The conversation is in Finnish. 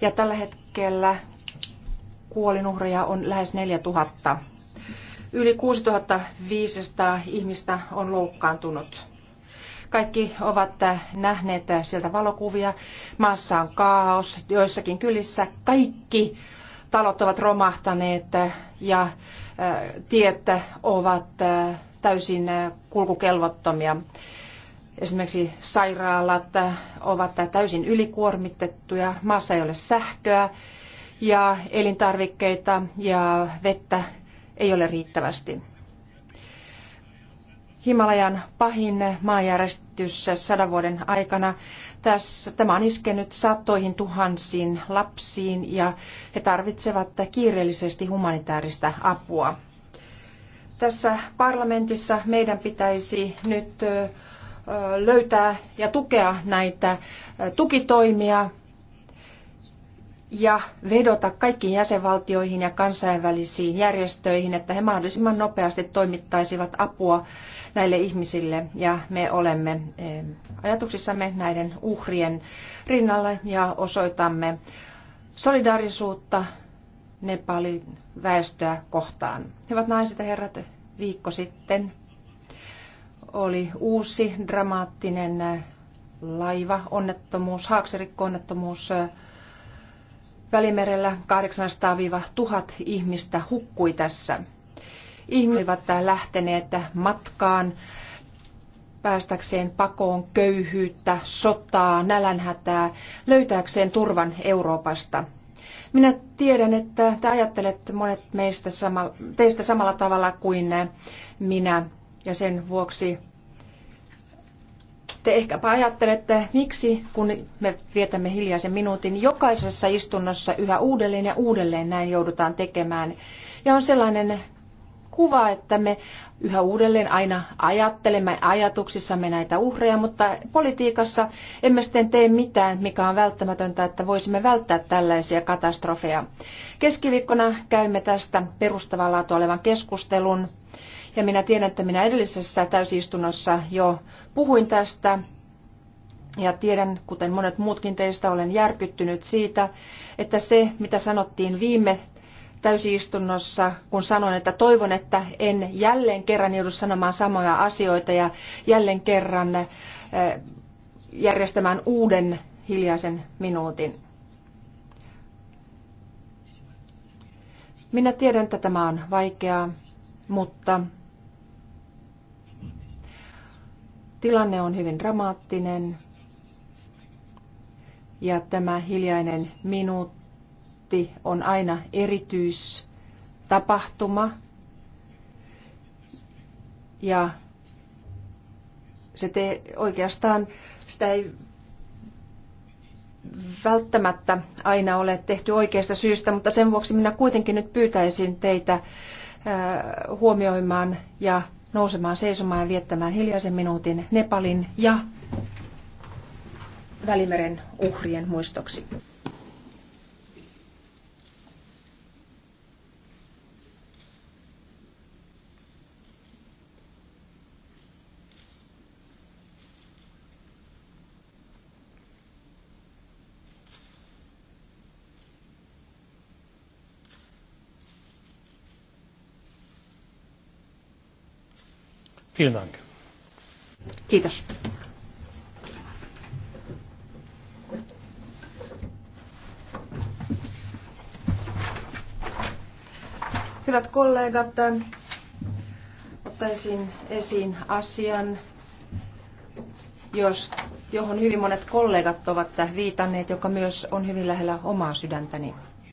ja tällä hetkellä kuolinuhreja on lähes 4000. Yli 6500 ihmistä on loukkaantunut. Kaikki ovat nähneet sieltä valokuvia. Maassa on kaos. Joissakin kylissä kaikki talot ovat romahtaneet ja äh, tiet ovat äh, täysin äh, kulkukelvottomia. Esimerkiksi sairaalat ovat täysin ylikuormitettuja, maassa ei ole sähköä ja elintarvikkeita ja vettä ei ole riittävästi. Himalajan pahin maanjärjestys sadan vuoden aikana. Tässä, tämä on iskenyt satoihin tuhansiin lapsiin ja he tarvitsevat kiireellisesti humanitaarista apua. Tässä parlamentissa meidän pitäisi nyt löytää ja tukea näitä tukitoimia ja vedota kaikkiin jäsenvaltioihin ja kansainvälisiin järjestöihin, että he mahdollisimman nopeasti toimittaisivat apua näille ihmisille. Ja me olemme ajatuksissamme näiden uhrien rinnalla ja osoitamme solidaarisuutta Nepalin väestöä kohtaan. Hyvät naiset ja herrat, viikko sitten oli uusi dramaattinen laiva, onnettomuus, haaksirikko-onnettomuus Välimerellä 800-1000 ihmistä hukkui tässä. Ihmiset ovat lähteneet matkaan päästäkseen pakoon köyhyyttä, sotaa, nälänhätää, löytääkseen turvan Euroopasta. Minä tiedän, että te ajattelette monet meistä sama, teistä samalla tavalla kuin minä ja sen vuoksi te ehkäpä ajattelette, miksi kun me vietämme hiljaisen minuutin, jokaisessa istunnossa yhä uudelleen ja uudelleen näin joudutaan tekemään. Ja on sellainen kuva, että me yhä uudelleen aina ajattelemme ajatuksissamme näitä uhreja, mutta politiikassa emme sitten tee mitään, mikä on välttämätöntä, että voisimme välttää tällaisia katastrofeja. Keskiviikkona käymme tästä perustavaa laatua olevan keskustelun ja minä tiedän, että minä edellisessä täysistunnossa jo puhuin tästä. Ja tiedän, kuten monet muutkin teistä, olen järkyttynyt siitä, että se, mitä sanottiin viime täysistunnossa, kun sanoin, että toivon, että en jälleen kerran joudu sanomaan samoja asioita ja jälleen kerran eh, järjestämään uuden hiljaisen minuutin. Minä tiedän, että tämä on vaikeaa, mutta Tilanne on hyvin dramaattinen ja tämä hiljainen minuutti on aina erityistapahtuma ja se te, oikeastaan sitä ei välttämättä aina ole tehty oikeasta syystä, mutta sen vuoksi minä kuitenkin nyt pyytäisin teitä huomioimaan ja nousemaan seisomaan ja viettämään hiljaisen minuutin Nepalin ja Välimeren uhrien muistoksi. Vielen Dank. Kiitos. Hyvät kollegat, ottaisin esiin asian, jos, johon hyvin monet kollegat ovat viitanneet, joka myös on hyvin lähellä omaa sydäntäni.